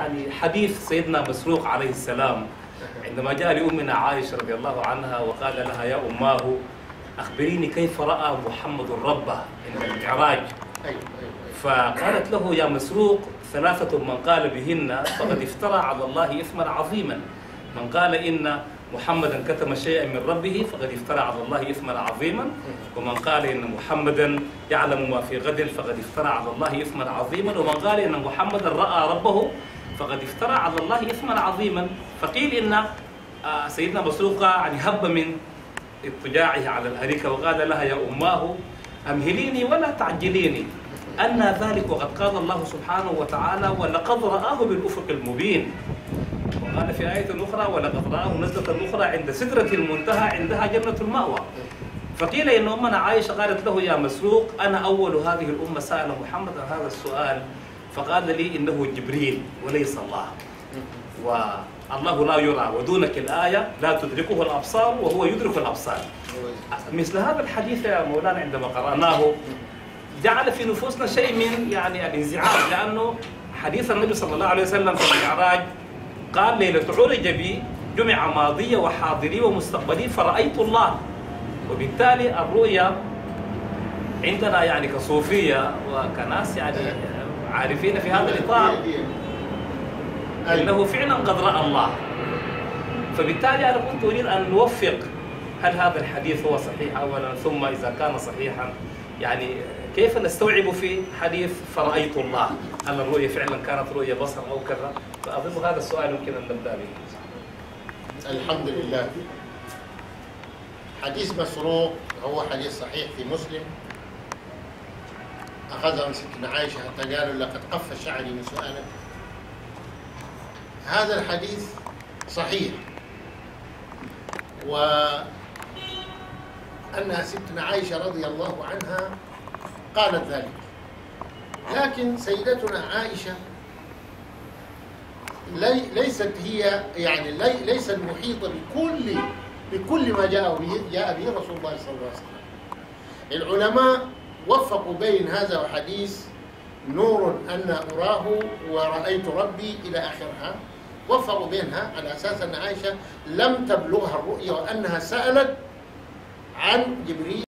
يعني حديث سيدنا مسروق عليه السلام عندما جاء لأمنا عائشة رضي الله عنها وقال لها يا أماه أخبريني كيف رأى محمد ربه عند المعراج أيوة، أيوة، أيوة. فقالت له يا مسروق ثلاثة من قال بهن فقد افترى على الله إثما عظيما من قال إن محمدا كتم شيئا من ربه فقد افترى على الله إثما عظيما ومن قال إن محمدا يعلم ما في غد فقد افترى على الله إثما عظيما ومن قال إن محمدا رأى ربه فقد افترى على الله إثما عظيما فقيل إن آه، سيدنا بسوقه يعني هب من اضطجاعه على الأريكة وقال لها يا أماه أمهليني ولا تعجليني أن ذلك وقد قال الله سبحانه وتعالى ولقد رآه بالأفق المبين وقال في آية أخرى ولقد رآه نزلة أخرى عند سدرة المنتهى عندها جنة المأوى فقيل إن أمنا عائشة قالت له يا مسروق أنا أول هذه الأمة سأل محمد هذا السؤال فقال لي إنه جبريل وليس الله والله لا يرى ودونك الآية لا تدركه الأبصار وهو يدرك الأبصار مثل هذا الحديث يا مولانا عندما قرأناه جعل في نفوسنا شيء من يعني الانزعاج لأنه حديث النبي صلى الله عليه وسلم في المعراج قال ليلة عرج بي جمع ماضي وحاضري ومستقبلي فرأيت الله وبالتالي الرؤيا عندنا يعني كصوفية وكناس يعني عارفين في هذا الإطار أنه فعلا قد رأى الله فبالتالي أنا كنت أريد أن نوفق هل هذا الحديث هو صحيح أولا ثم إذا كان صحيحا يعني كيف نستوعب في حديث فرأيت الله هل الرؤية فعلا كانت رؤية بصر أو كذا فأظن هذا السؤال يمكن أن نبدأ به الحمد لله حديث مسروق هو حديث صحيح في مسلم أخذهم ستنا عائشة حتى قالوا لقد قف شعري من سؤالك هذا الحديث صحيح وأنها ستنا عائشة رضي الله عنها قالت ذلك لكن سيدتنا عائشة لي ليست هي يعني لي ليس المحيط بكل بكل ما جاء به جاء به رسول الله صلى الله عليه وسلم العلماء وفقوا بين هذا الحديث نور أنا أراه ورأيت ربي إلى آخرها وفقوا بينها على أساس أن عائشة لم تبلغها الرؤية وأنها سألت عن جبريل